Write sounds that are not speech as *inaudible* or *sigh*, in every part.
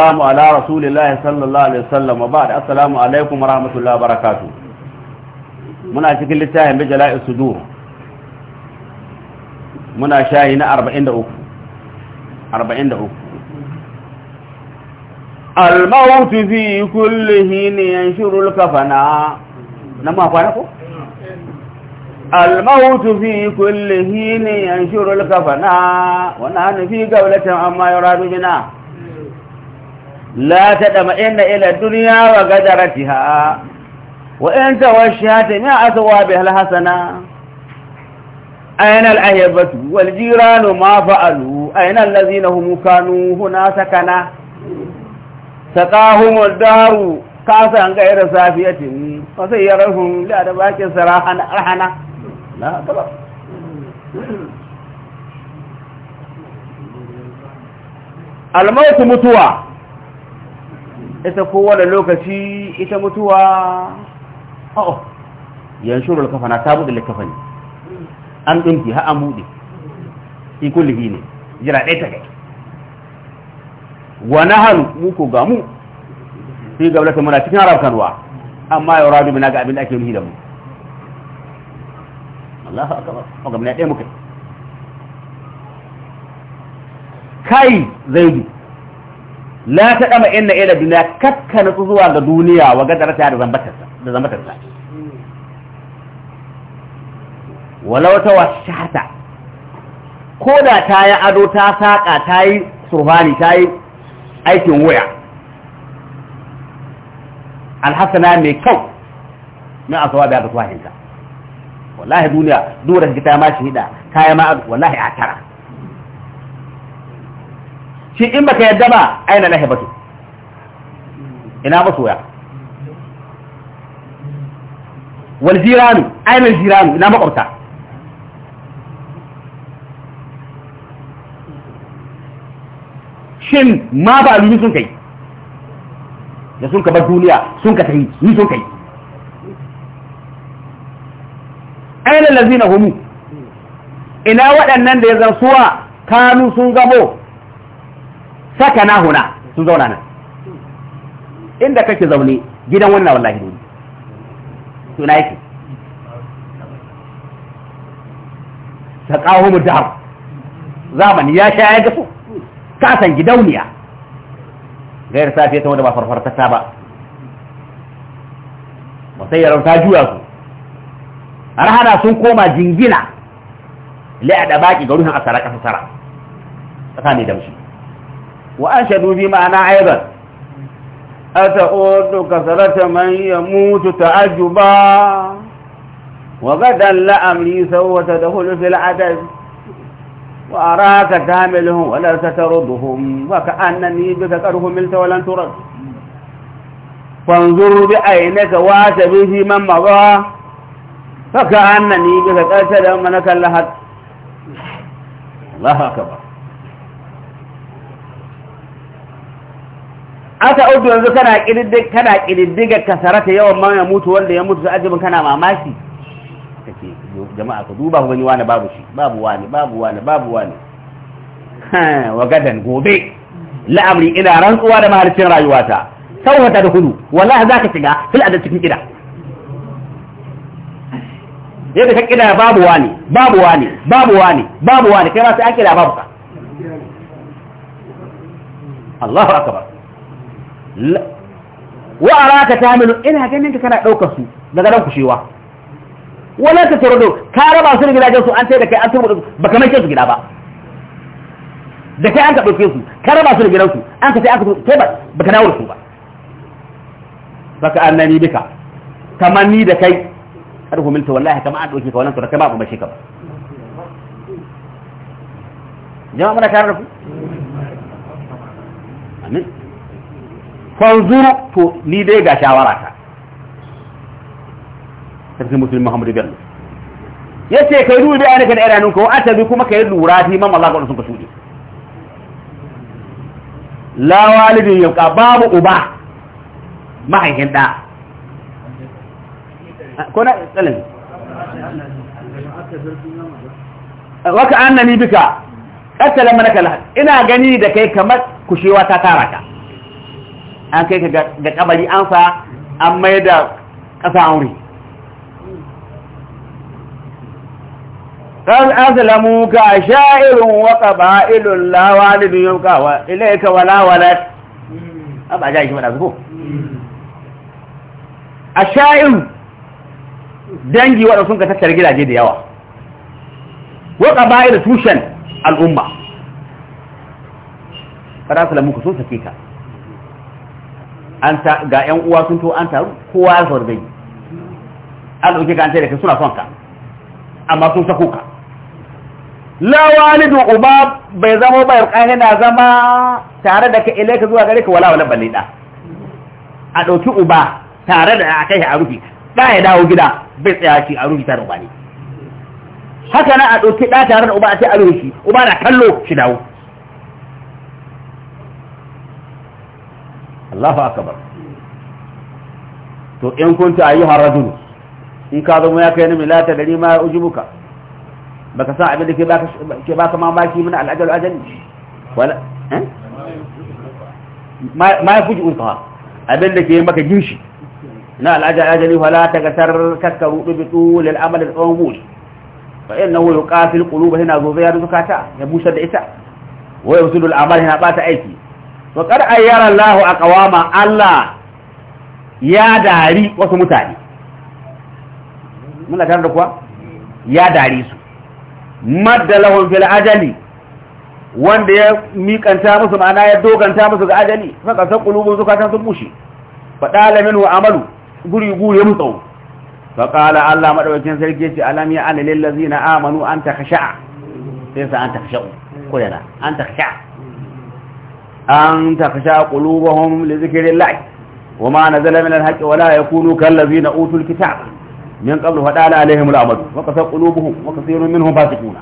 السلام على رسول الله صلى الله عليه وسلم وبعد السلام عليكم ورحمة الله وبركاته muna cikin littafin bijala'i na 43 43 al-maut fi kullihi yanshuru al-kafana nan ma kwana ko al-maut fi kullihi kafana wa nahnu fi amma la ta dama inna ila duniya wa gajaratiha wa in tawashshata min bi al hasana ayna al ahyabatu wal jiranu ma fa'alu ayna allazina hum kanu huna sakana sakahum al daru kasan ira safiyatin fa sai yarahum la da bakin sarahan arhana la kaba al mutuwa ita kowane lokaci ita mutuwa o'o oh, oh. yanshuru kafana ta buɗe likafani an dinki ha an buɗe fi kullihi ne jira ɗaya ta kai wa nahanu mu ko ga mu fi gablata muna cikin harafkanwa amma ya rabi muna ga abin da ake nuhi da mu Allahu akbar ga muna ɗaya muka kai zaidu la ta kama inna ila duniya kakka na zuwa ga duniya wa ga ta da zambatarsa da zambatarsa walau ta washata ko da ta yi ado ta saƙa ta yi surfani ta yi aikin waya alhassana mai kyau na asawa da ga tuwahinta wallahi duniya dora ta ma shahida ta yi ma wallahi a tara shi in baka yadda ba aina na hibatu ina masoya wal jiranu aina jiranu ina makwabta shin ma ba alumi sun kai da sun ka bar duniya sun ka tafi ni sun kai aina lazina humu ina waɗannan da ya zarsuwa kanu sun gamo sakana huna sun zauna nan inda kake zaune gidan wannan wallahi ne suna yake ta kawo mu dahar zamani ya sha ya gaso kasan gidauniya gayar safiya ta wanda ba ta ba musayyarar ta juya su hana sun koma jingina la'ada baki ga ruhin asara kasa sara ƙasa mai damshi وأشهدوا بمعنى أيضا أتعود كثرة من يموت تعجبا وغدا لأمري سوى تدخل في العدد وأراك تعملهم ولا تتردهم وكأنني بك قد هملت ولن ترد فانظر بعينك به من مضى فكأنني بك قد تدمنك اللهد الله أكبر aka audu yanzu kana kididdiga kana kididdiga kasarata yawan man ya mutu wanda ya mutu sai ajibin kana mamaki kake jama'a ku duba ku gani wani babu shi babu wani babu wani babu wani *laughs* wa gadan gobe la'amri ina rantsuwa da mahalicin rayuwata sau da hudu wallahi zaka shiga fil adad cikin kida yadda ka kida babu wani babu wani babu wani babu wani kai ma sai an kida babu ka Allahu akbar wa araka tamilu ina ganin ka kana daukar su daga nan kushewa wala ta tarado ka raba su da gidajen su an sai da kai an turbo ba kamar ke su gida ba da kai an ka dauke su ka raba su da su an ka sai aka sai ba baka dawo su ba baka annani bika kamar ni da kai kar ku milta wallahi kamar an dauke ka wannan to kai ba ku bace ka ba jama'a muna tare da amin fanzuru to ni dai ga shawara ta tafsir musulmi muhammadu bello ya ce kai dubi bai ainihin idanun ka wa'ata bi kuma ka yi lura fi mamman lagos sun ka shuɗe la walidin babu uba mahaifin ɗa ko na tsalin waka annani bika ƙasar manaka lahar ina gani da kai kamar kushewa ta tara ka an kai ka ga kabari an sa an mai da ƙasa aure kan azlamu ka sha'irun wa qaba'ilul la walidun yabqa wa ilayka wala walad aba ja shi madazu ko asha'ir dangi wanda sun ka tattara gidaje da yawa wa qaba'il tushan al'umma kada azlamu ka so sake ka an ta ga yan uwa sun to an taru kowa zarbai an dauke ka an tare suna son ka amma sun sako ka la walidu uba bai zama ba yarkan na zama tare da ka ilaika zuwa gare ka wala wala balle da a ɗauki uba tare da akai a rufi da ya dawo gida bai tsaya shi a rufi tare da ne. haka na a ɗauki da tare da uba a ce a rufi uba na kallo shi dawo الله أكبر تو إن كنت أيها الرجل إن كاد ما كان لا تدري ما أجبك بك ساعة بدك باك باك ما باك من العجل العجل ولا ما ما يفوج أنتها أبلك يمك جيش نا العجل العجل ولا تكسر كسر بطول الأمل الأمور فإنه يقاتل القلوب هنا ذو ذيار ذكاتا يبوش الدئتا ويرسل الأعمال هنا بات أيتي wa qad ayyara Allahu aqwama Allah ya dari wasu mutane muna tare da kuwa ya dari su maddalahum fil ajali wanda ya mikanta musu ma'ana ya doganta musu ga ajali saka san kulubun zukatan sun bushe fa dala minhu amalu guri ya mutsawo fa Allah madaukakin sarki ce alam ya an amanu ko yana an tafasha ƙulubahun lizikirin la'i wa ma na zala minan haƙi wa la ya kunu kallabi na utul kita min ƙabla faɗa ala alaihim al'amadu wa kasar ƙulubahun wa kasar yi minhun fasik nuna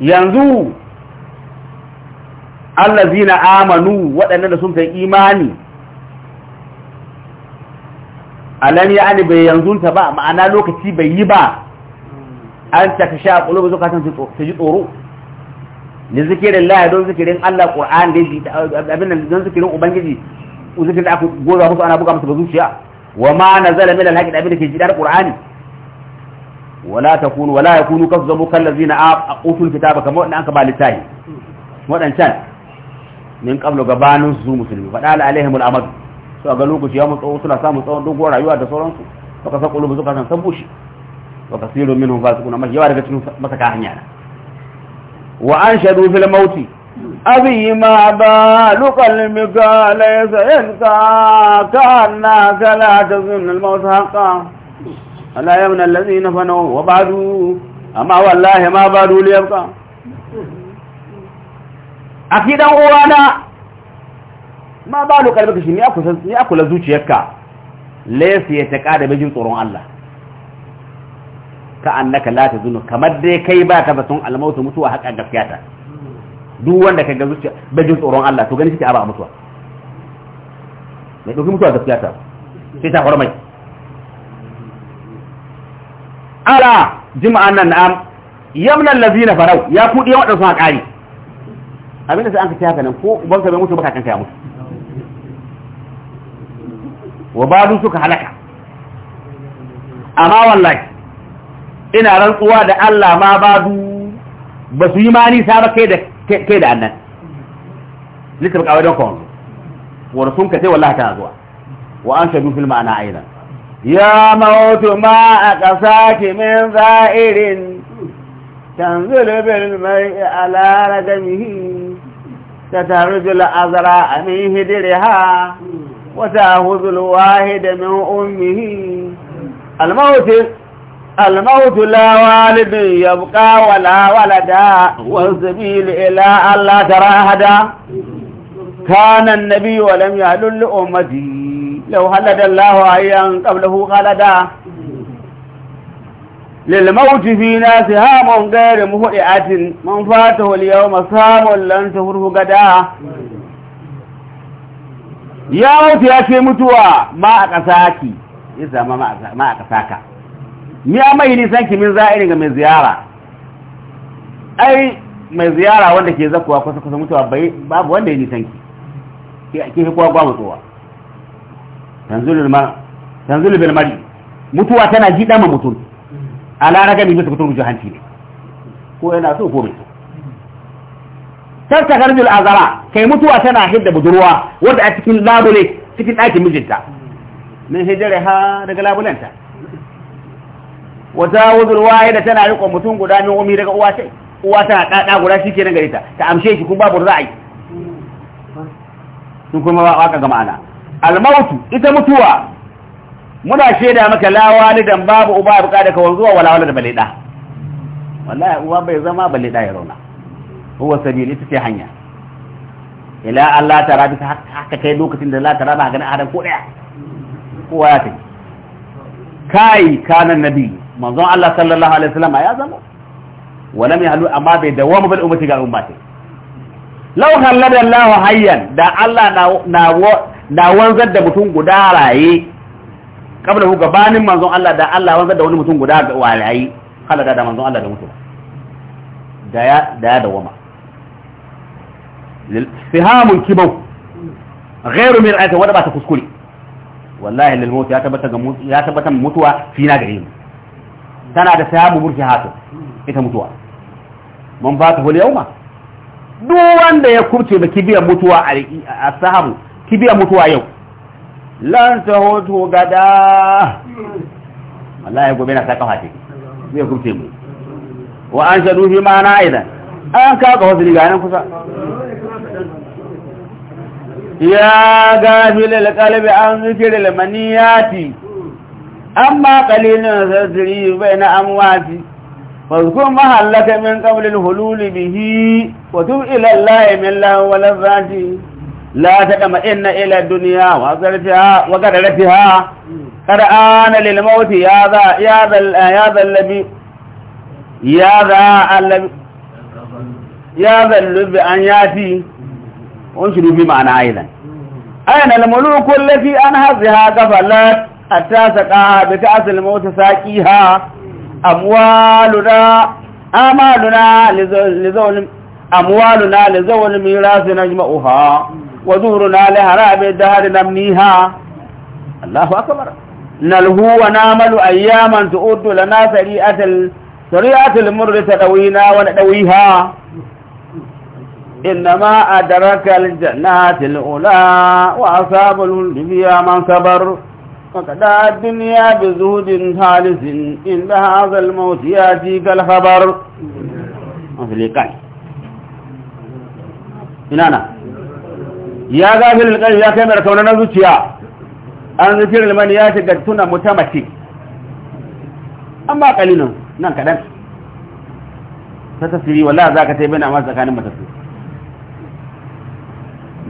yanzu allazi na amanu waɗanda da sun fi imani alan ya ani bai yanzu ta ba ma'ana lokaci bai yi ba an tafasha ƙulubahun zuka ta ji tsoro ni zikirin la don zikirin Allah Qur'an da shi abin nan don zikirin ubangiji zikirin da aka goza musu ana buga musu ba zuciya wa ma nazala min al-haqq abin da ke jidar Qur'ani wala takunu wala yakunu kazzabu kallazina aqutul kitaba kamar wanda anka ba littahi wadancan min qablu gabanin su musulmi fada la alaihim al-amad a ga lokaci ya mutsawo suna samun tsawon dogon rayuwa da sauransu baka sa kulubu suka san san bushi wa kasirun minhum fasiquna amma yawa daga cikin masaka hanya na wa an shaɗu fil mauti yi ma ba lukal mika laisa yanka ka kala ta tazun al haka haqa ala yamna na fanu wa du amma wallahi ma ba du ba'du a yabqa akidan uwana ma ba lukal mika shi ni akula zuciyarka laisa ya taƙa da bijin tsoron Allah ka annaka la tazunu kamar dai kai ba ka batun almautu mutuwa haƙa gaskiya ta duk wanda ka ga zuciya bai jin tsoron Allah to gani shi a ba mutuwa mai dokin mutuwa gaskiya ta sai ta hormai ala jima'an nan na'am yamnan lazina farau ya kudi wadan sun ƙari abin da sai an ka haka nan ko ubanka bai mutu kakan kanka ya mutu wa babu suka halaka amma wallahi ina rantsuwa da Allah ma ba badu ba su yi mani sa ba kai da kai da annan littafin kawai don kawai wa sun sai wallahi tana zuwa wa an shadu fil ma'ana aidan ya mautu ma a kasaki min za'irin tanzil bil mai ala ragamihi tatarujul azra amin hidriha wa ta'huzul wahid min ummihi al-maut الموت لا والد يبقى ولا ولدا والسبيل إلى ألا ترى أحدا كان النبي ولم يهلل لأمتي لو هلد الله أيا قبله خلدا للموت فينا سهام غير مهئة من فاته اليوم سام لن تفره غدا يا موت يا شي متوى ما أقساكي إذا ما أقساكا ya mai nisan kimin za'irin ga mai ziyara ai mai ziyara wanda ke zakuwa kusa kusa mutuwa bai babu wanda ya nisan ki ke fi kowa mutuwa tanzulu bil mari mutuwa tana ji dama mutum a lara gami mutu kutun rujo hanci ne ko yana so ko mutu so tarta azara kai mutuwa tana hidda budurwa wadda a cikin labule cikin ɗakin mijinta min hijira ha daga labulenta wata wuzul da tana riko mutum guda min umi daga uwa sai uwa tana dada guda shikenan gare ta ta amshe shi kun babu ra'ayi sun kuma ba waka ga ma'ana al-mautu ita mutuwa muna sheda maka la dan babu uba buka da ka wanzuwa wala wala da Baleda. wallahi uwa bai zama Baleda ya rauna huwa sabil ita ce hanya ila Allah ta rabi haka kai lokacin da Allah ta raba ga adam ko daya kowa ya kai kai kanan nabi manzon Allah sallallahu alaihi wasallam ya zama walam yahlu amma bai dawama bil ummati ga ummati law khallada Allah hayyan da Allah na na wanzar da mutum guda raye kabla hu gabanin manzon Allah da Allah wanzar da wani mutum guda ga raye khallada da manzon Allah da mutum da ya da ya dawama sihamun kibau ghairu mir'atin wanda ba ta kuskure wallahi lil maut ya tabbata ga ya tabbata mutuwa fina gare mu tana da sahabu burki hatu ita mutuwa man ba ta huliyau ma duk wanda ya kurce da kibiyar mutuwa a sahabu kibiyar mutuwa yau lan ta hoto gada ya gobe na kafa fati ya kurce mu wa an sha fi ma na idan an kaka wasu riga kusa ya gafi lalƙalibi an zikiri lamaniyati amma qalilun sadri baina amwati fazkur ma halaka min qabl al-hulul bihi wa ilallaye ila allahi min la ta zati la tadama ila duniya wa zarfiha wa qadaratiha qad ana lil mawti ya za ya zal an zal labi ya za allabi ya zal labi an yati unshuru bi ma'ana aidan ayna al-muluku allati anhazaha التاسقة بكأس الموت ساكيها أموالنا آمالنا لزول أموالنا لزول ميراث نجمعها وزورنا لهراب الدهر نمنيها الله أكبر نلهو ونعمل أياما تؤد لنا سريعة ال... سريعة المر تدوينا وندويها إنما أدرك الجنات الأولى وأصاب الهلم من صبر فقدع الدنيا بزهد ثالث عند هذا الموت ياتيك الخبر مفلقان inana ya gafir alƙari ya kai mai rakauna na zuciya an zikir limani ya shiga tuna mutamaci amma kalilin nan kaɗan ta tasiri wala za ka taibina a tsakanin matasu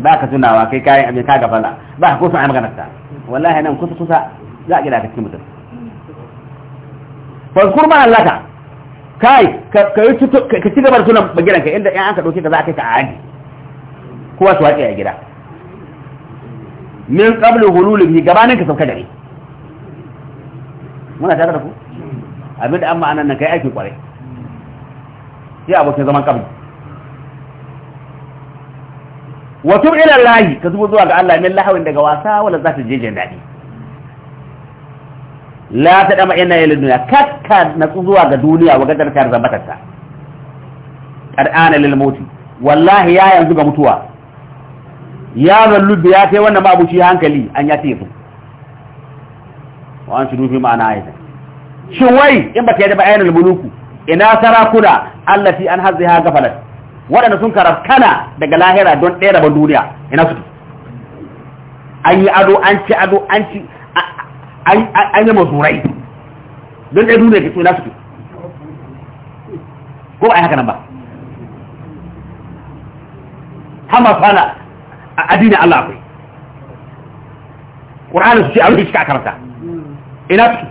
ba ka tunawa kai kayan abin ka gafala ba ka kusa a maganarta wallahi nan kusa kusa za a gida ka cikin mutum fazkur ma allaka kai ka yi ka ci gabar da bagiran ka inda yan an ka dauke ka za a kai ka aji kowa su wace a gida min hululu hululihi gabanin ka sauka dare muna tare da ku abinda an ma'anar nan kai aiki kwarai sai abokin zaman kabli wa tub ila Allah ka zubo zuwa ga Allah min lahawin daga wasa wala za ta jeje dadi la ta dama ina yi duniya kakka na zuwa ga duniya wa gadar ta zabatarta qad'ana lil mauti wallahi ya yanzu ga mutuwa ya zallu ya kai wannan mabuci hankali an ya tefu wa an shi fi ma'ana ayatan shin wai in baka yadda ba ayyana muluku ina sarakuna allati an hazziha gafalat waɗanda sun karafkana daga lahira don ɗaya rabon duniya ina su an yi ado an ci ado an ci an yi mazurai don ɗaya duniya ke ina su ko ba a yi haka nan ba hama fana a adini Allah akwai ƙur'anin su ce a rufe shi a karanta ina su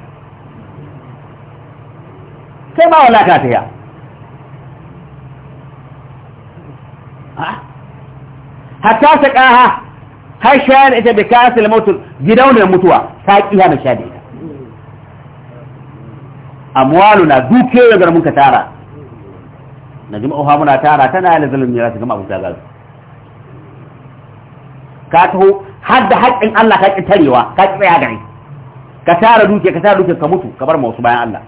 sai ba wala ka ta yi hatta ta kaha har shayar ita da kasar mutu gidaunar mutuwa ta kiya na sha da ita amwalu na dukiyoyin da ka tara na jima'uha muna tara tana da zalin ya su gama abu zagal ka taho har da haƙƙin Allah ka ƙi tarewa ka ƙi tsaya gari ka tara duke, ka tara duke ka mutu ka bar ma wasu bayan Allah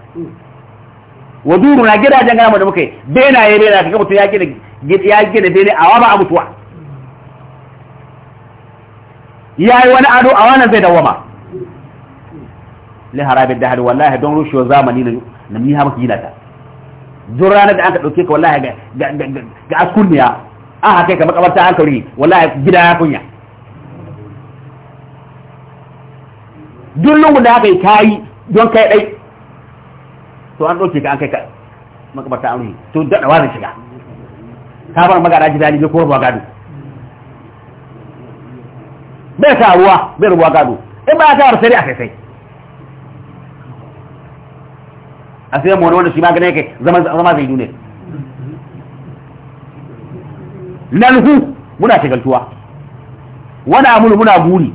wa duru na gidajen gama da muka yi benaye benaye ka mutum ya gina ya gina daidai awa ba a mutuwa ya yi wani ado a wannan zai dawama li harabin dahar wallahi don rushewa zamani na miha maka gina ta don ranar da an ka ɗauke ka wallahi ga askunniya an haka ka makabarta an kauri wallahi gida ya kunya dullun da haka yi kayi don kai ɗai to an ɗauke ka an kai ka makabarta an ruhi to daɗa wani shiga ta bar magana jidali bai ko ruwa gado bai ta ruwa bai ruwa gado in ba ta warsari a sai a sai mu wanda shi ma gane yake zama zama zai dune nalhu muna shigaltuwa wani amul muna guri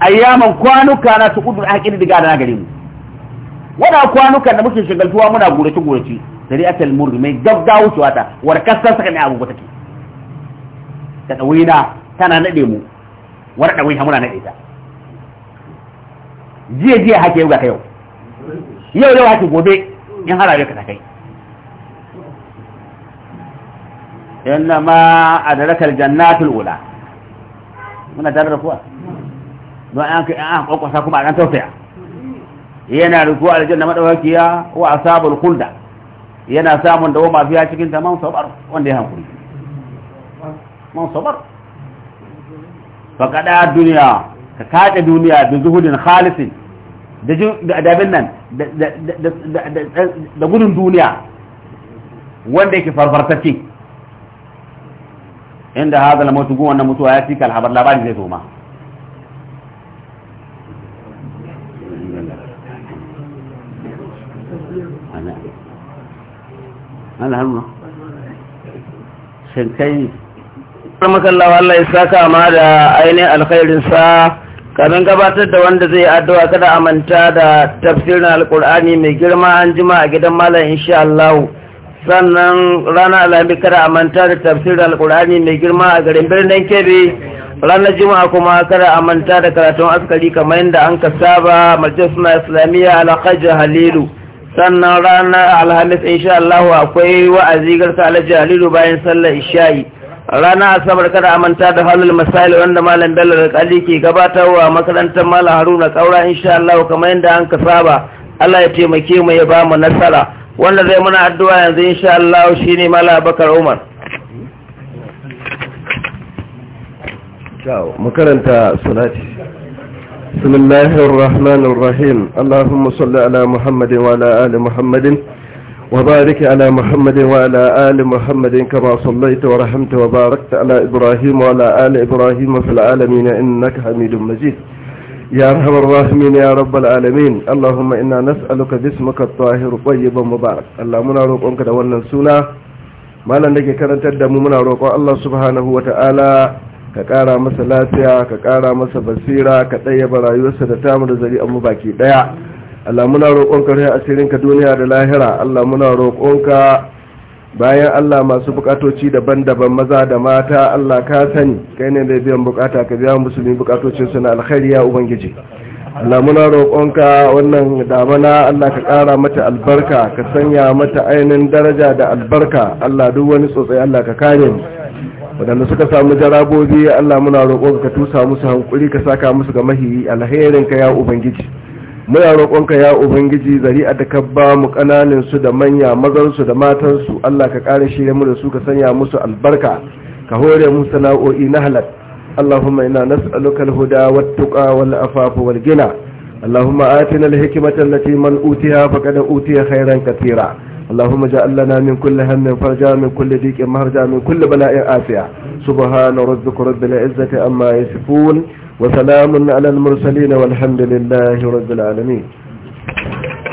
ayyaman kwanuka na su kudu a haƙin diga da na gare mu wani kwanukan da muke shigaltuwa muna gure gurace sari'atul murri mai gaggawa wucewa ta warkar san saka mai abubuwa take ta dawina tana naɗe mu war dawin ha muna naɗe ta jiya jiya hake yau ga yau yau yau hake gobe in harabe ka kai innama adraka aljannatul ula muna tare da kuwa don an kai an kwakwasa kuma a dan tausaya yana rukuwa aljanna madawakiya wa asabul khulda yana samun da wama mafiya cikin ta man wanda ya hankuri mansobar sabar faƙaɗa duniya ka kaɗe duniya da zuhudin khalisin da adabin nan da gudun duniya wanda yake farfartacce inda haza la mutu wannan mutuwa ya fi kalhabar labari zai zo ma alhamma shinkai makallawa Allah ya da ainihin alkhairinsa kamin gabatar da wanda zai addu'a kada a da tafsirin alkur'ani mai girma an jima a gidan malam insha Allah sannan rana alami kada a da tafsirin alkur'ani mai girma a garin birnin kebe ranar jima'a kuma kada a manta da karatun askari kamar yadda an ka saba islamiyya alhaji halilu sannan ranar alhamis insha Allah akwai wa'azi garsa alhaji halilu bayan sallar isha'i ranar asabar kada amanta da halul misali wanda malam bello da alƙali ke gabatarwa makarantar malam haruna kaura insha Allah kamar yadda an ka saba Allah ya taimake mu ya ba mu nasara wanda zai muna addu'a yanzu insha Allah shine malam bakar umar ciao makaranta sunati بسم الله الرحمن الرحيم اللهم صل على محمد وعلى آل محمد وبارك على محمد وعلى آل محمد كما صليت ورحمت وباركت على إبراهيم وعلى آل إبراهيم في العالمين إنك حميد مجيد يا أرحم الراحمين يا رب العالمين اللهم إنا نسألك باسمك الطاهر طيبا مبارك اللهم نروق أنك دولنا سنة ما لنك كانت تدام من روق الله سبحانه وتعالى ka ƙara masa lafiya ka ƙara masa basira ka ɗayyaba rayuwarsa da tamu da zari mu baki ɗaya Allah muna roƙonka rai ka duniya da lahira Allah muna roƙonka bayan Allah masu bukatoci daban-daban maza da mata Allah ka sani kai ne da biyan bukata ka biya musulmi bukatocin su na alkhairi ya ubangiji Allah muna roƙonka wannan damana Allah ka ƙara mata albarka ka sanya mata ainihin daraja da albarka Allah duk wani tsotsai Allah ka kare mu waɗanda suka samu jarabobi Allah muna roƙon ka tusa musu hankuri ka saka musu ga mahi alherin ka ya ubangiji muna roƙon ka ya ubangiji zari'a da ka ba mu su da manya mazan su da matan su Allah ka ƙara shirye mu da su ka sanya musu albarka ka hore mu sana'o'i na halal اللهم إنا نسألك الهدى والتقى والأفاف والغنى اللهم آتنا الحكمة التي من أوتيها فقد أوتي خيرا كثيرا اللهم اجعل لنا من كل هم فرجا من كل ضيق مهرجا من كل بلاء آسيا سبحان ربك رب العزة أما يصفون وسلام على المرسلين والحمد لله رب العالمين